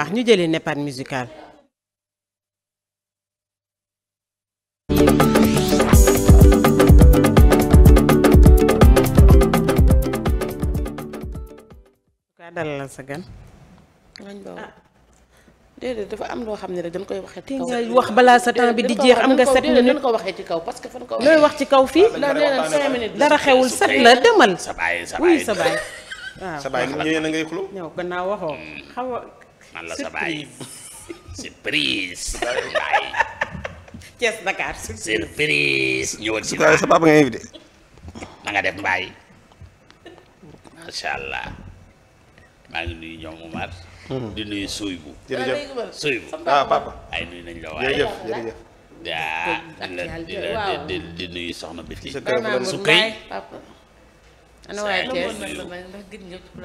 wax ñu jëlee neppaat musical kaa dalalal sa gan ah. déedéet dafa am loo xam ne rek dañ koy waxee. te nga wax balaa sa temps bi di jeex am nga sept minutes ko waxee ci kaw parce que fan ko looy wax ci kaw fii. dara xewul set la demal. sa baay sa baay ah, ñëwee na ngay xuloo. ñëw gannaaw waxoo man la sa baay surprise baay Thiès Dakar surprise ñëwal si sa papa nga invité na nga def mbaay macha allah maa ngi nuyu ñoom Umar mm. di nuyu suuy bu jërëjëf suuy bu ah papa ay nuyu nañ la waay daa di la di di nuyu soxna Biti su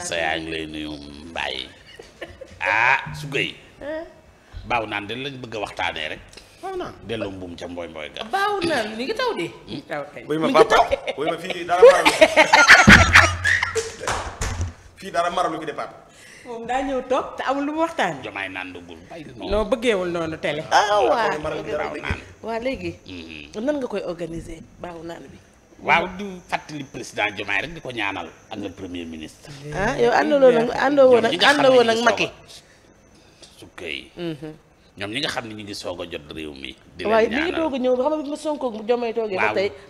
sa yaa lay nuyu mbaay ah su gëy eh? baaw naan de lañ bëgg a waxtaanee rek. baaw naan delloo mbuum ca mboy mboy ga. baaw naan mi ngi taw hmm? dara maralu fii dara ñëw toog te amul lu mu waxtaan. jomaay naan duggul. noo bëggeewul noonu télé. ah waaw waaw léegi. Hmm. nan nga koy organiser baaw naan bi. waaw di fàttali président Diomaye rek di ko ñaanal ak le premier ministre. ah yow àndaloo nag àndoo woon ak àndoo woon su kay. Mhm. ñoom ñi nga xam ne ñu ngi soog jot réew mii di leen ñaanal waaye mi ngi doog a ñëw mu nga bi ma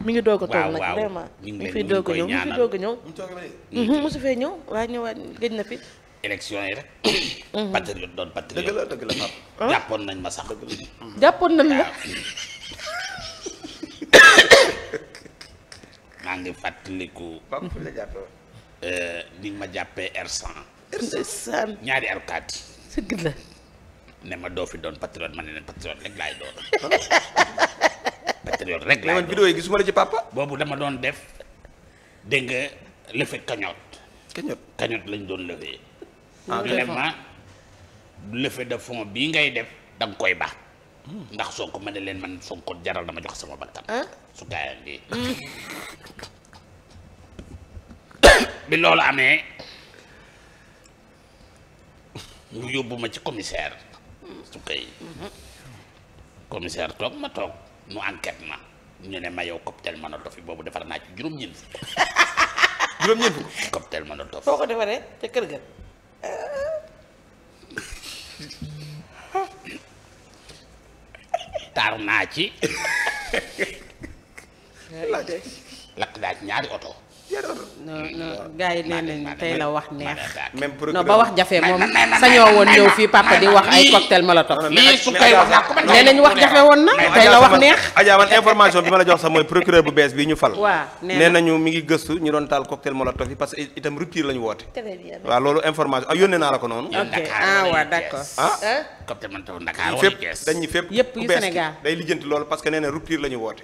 mi ngi doog a toog nag vraiment. ñu ngi leen ñu koy ñaanal mu fi ñëw mu fi doog a ñëw. Mhm, mosu fee ñëw waaye ñëwaat gëj na fi. élection yi rek. Mhm. patriote doon patriote. dëgg dëgg la Pape. Ah? jàppoon nañ ma sax. jàppoon nañ la. ngi fàttaliku. Pape fu euh, ma jàppee R100. ñaari R4. dëgg ne ma doo fi doon patriote ma ne leen patriote rek laay doon. patriote rek laay doon gis vidéo la ci papa. boobu dama doon def dégg nga lëfe cagnotte. cagnotte cagnotte lañ doon lëfee. ah vraiment lëfe de fond bii ngay def da nga koy baax. ndax Sonko ma ne leen man Sonko jaral dama jox sama bakkan su gaayam hmm. bi loolu amee ñu yóbbu ma ci commissaire su koy commissaire toog ma toog ñu enquête ma ñu ne ma yow cocktail Molotov yi boobu defar naa ci juróom-ñeent fukk juróom-ñeent fukk cocktail Molotov foo ko defaree ca kër ga yaakaar ci lakk daal ñaari oto jarul non non gars yi nee nañ tey la wax neex. même non ba wax jafe moom sañoo woon ñëw fii papa di wax ay cocktail molotov. lii su koy wax naa ko man nee nañ wax jafe woon na tey la wax neex. Adja information bi ma la jox sax mooy procureur bu bees bi ñu fal. waaw nee nañu mi ngi gëstu ñu doon taal cocktail molotov yi parce que itam rupture la ñu woote. très loolu information yónnee naa la ko noonu. ok ah waaw d'accord. ah cocktail fépp yëpp yu Sénégal day lijjanti loolu parce que nee na rupture la ñu woote.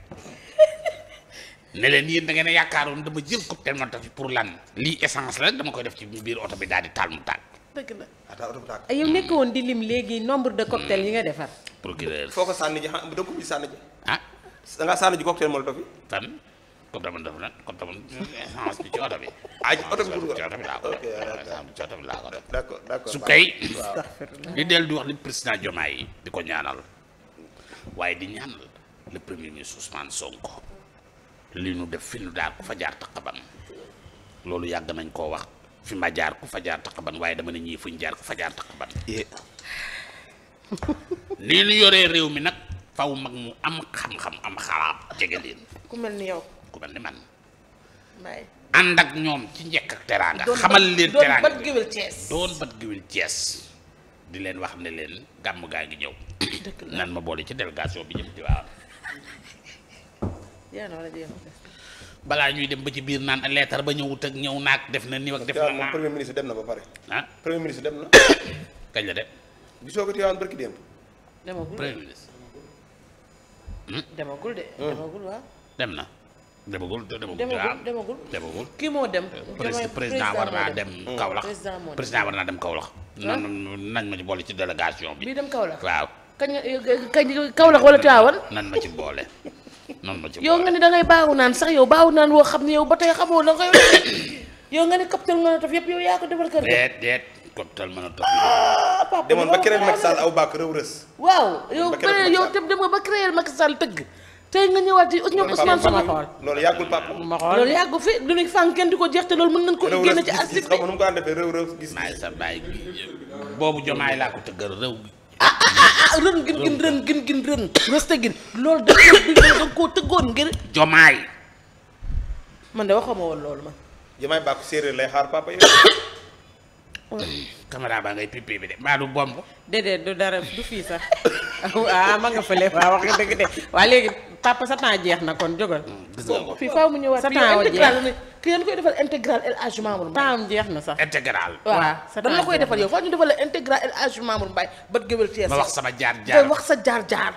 ne leen yéen da ngeen a yaakaaroon dama jël coupe thermomètre bi pour lan lii essence la dama koy def ci biir oto bi daal di taal mu taal. dëgg la yow nekk woon di lim léegi nombre de cocktail yi nga defar. Hmm. procureur foo ko sànni ji xam bu dëkku bi sànni ji. ah da ngaa sànni ji cocktail molotov bi. fan comme dama def nag comme dama essence bi ci oto laa ko def ci oto bi laa su kay. li dellu di wax li président jomaa yi di ko ñaanal waaye di ñaanal le premier ministre Ousmane Sonko. li nu def fi nu daal ku fa jaar taqaban loolu yàgg nañ koo wax fi ma jaar ku fa jaar taqaban waaye dama ne ñii ñu jaar ku fa jaar taqaban nii nu yoree réew mi nag faw mag mu am xam-xam am xalaat jege leen ku mel ni man ànd ak ñoom ci njekk ak teraanga xamal leen teraanga doon bat géwél Cees di leen wax ne leen gàmm gaa ngi ñëw nan ma boole ci délégation bi jëm Tiwaawan balaa ñuy dem ba ci biir naan leetar ba ñëwut ak ñëw naag def na nii ak def na naa premier dem na ba pare. ah premier ministre dem na. kañ la dem. gisoo ko Tivaouane barki démb. premier ministre. Hmm? de. Hmm. demagul waaw. dem na. demagul demagul demagul kii moo dem. président war naa dem Kaolack président hmm? war naa dem Kaolack. nañ ma ci boole ci délégation bi. bii dem Kaolack waaw. kañ kañ Kaolack wala Tivaouane. nañ ma ci boole. nan ma ci yow nga ne da ngay baawu naan sax yow baawu naan woo xam ne yow ba tey xamoo la koy yow nga ne coppiteel mën a taf yëpp yow yaa ko defal kër deet deet coppiteel mën a taf ah, papa demoon ba créer Macky Sall aw bàkk rëw rës waaw yow créer yow tam demoon ba créer Macky Sall tëgg tey nga ñëwaat yi ñoom Ousmane Sonko loolu yàggul papa ma xool loolu yàggu fi du ñu fànn kenn di ko jeexte loolu mën nañ ko génn ci artiste bi xaw ma nu mu ko daan defee rëw rëw boobu jomaay laa ko tëggal réew rëw ah ah ah rën gin gin rën gin gin rën rëste gin loolu da nga koo tëggoon ngir jomaay man de waxuma woon loolu man jomaay bàkku séeréer lay xaar papa yow caméra baa ngay pipi bi de maa du bomb. déedéet du dara du fii sax ah ma nga fële waaw wax nga waa léegi papa sa temps jeex na kon jógal. Hmm, gis nga ko fii faaw mu ñëwaat. sa temps jeex kii dañ koy defal intégral El Hadj Mamour Mbaye. temps am jeex na sax. intégral waaw sa temps jeex na koy defal yow foo ñu defal la intégral El Hadj Mamour Mbaye bët gëwël. ma wax sama jaar jaar wax sa jaar jaar.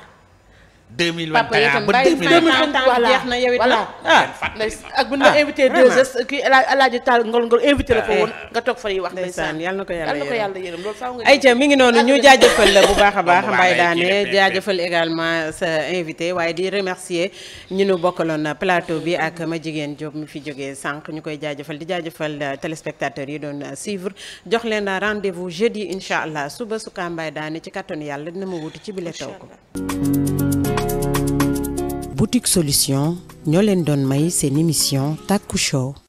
2021 ba 2023 voilà voilà ah. Ah. ak bu ñu la ah, invité 2S kii Alaaji Taal Ngol Ngol invité la ko woon nga toog fa yi wax ndeysaan yal na ko yàlla yërëm loolu faaw nga ayca mi ngi noonu ñu jaajëfal la bu baax a baax Mbaye Daane jaajëfal également sa invité waaye di remercier ñu nu bokkaloon plateau bi ak ma jigéen Diop mu fi jógee sànq ñu koy jaajëfal di jaajëfal téléspectateurs yi doon suivre jox leen rendez-vous jeudi incha allah suba su kaa Mbaye Daane ci kattanu dina ma wuti ci bile taw boutique solution ñoo leen doon may seen émission Taku Show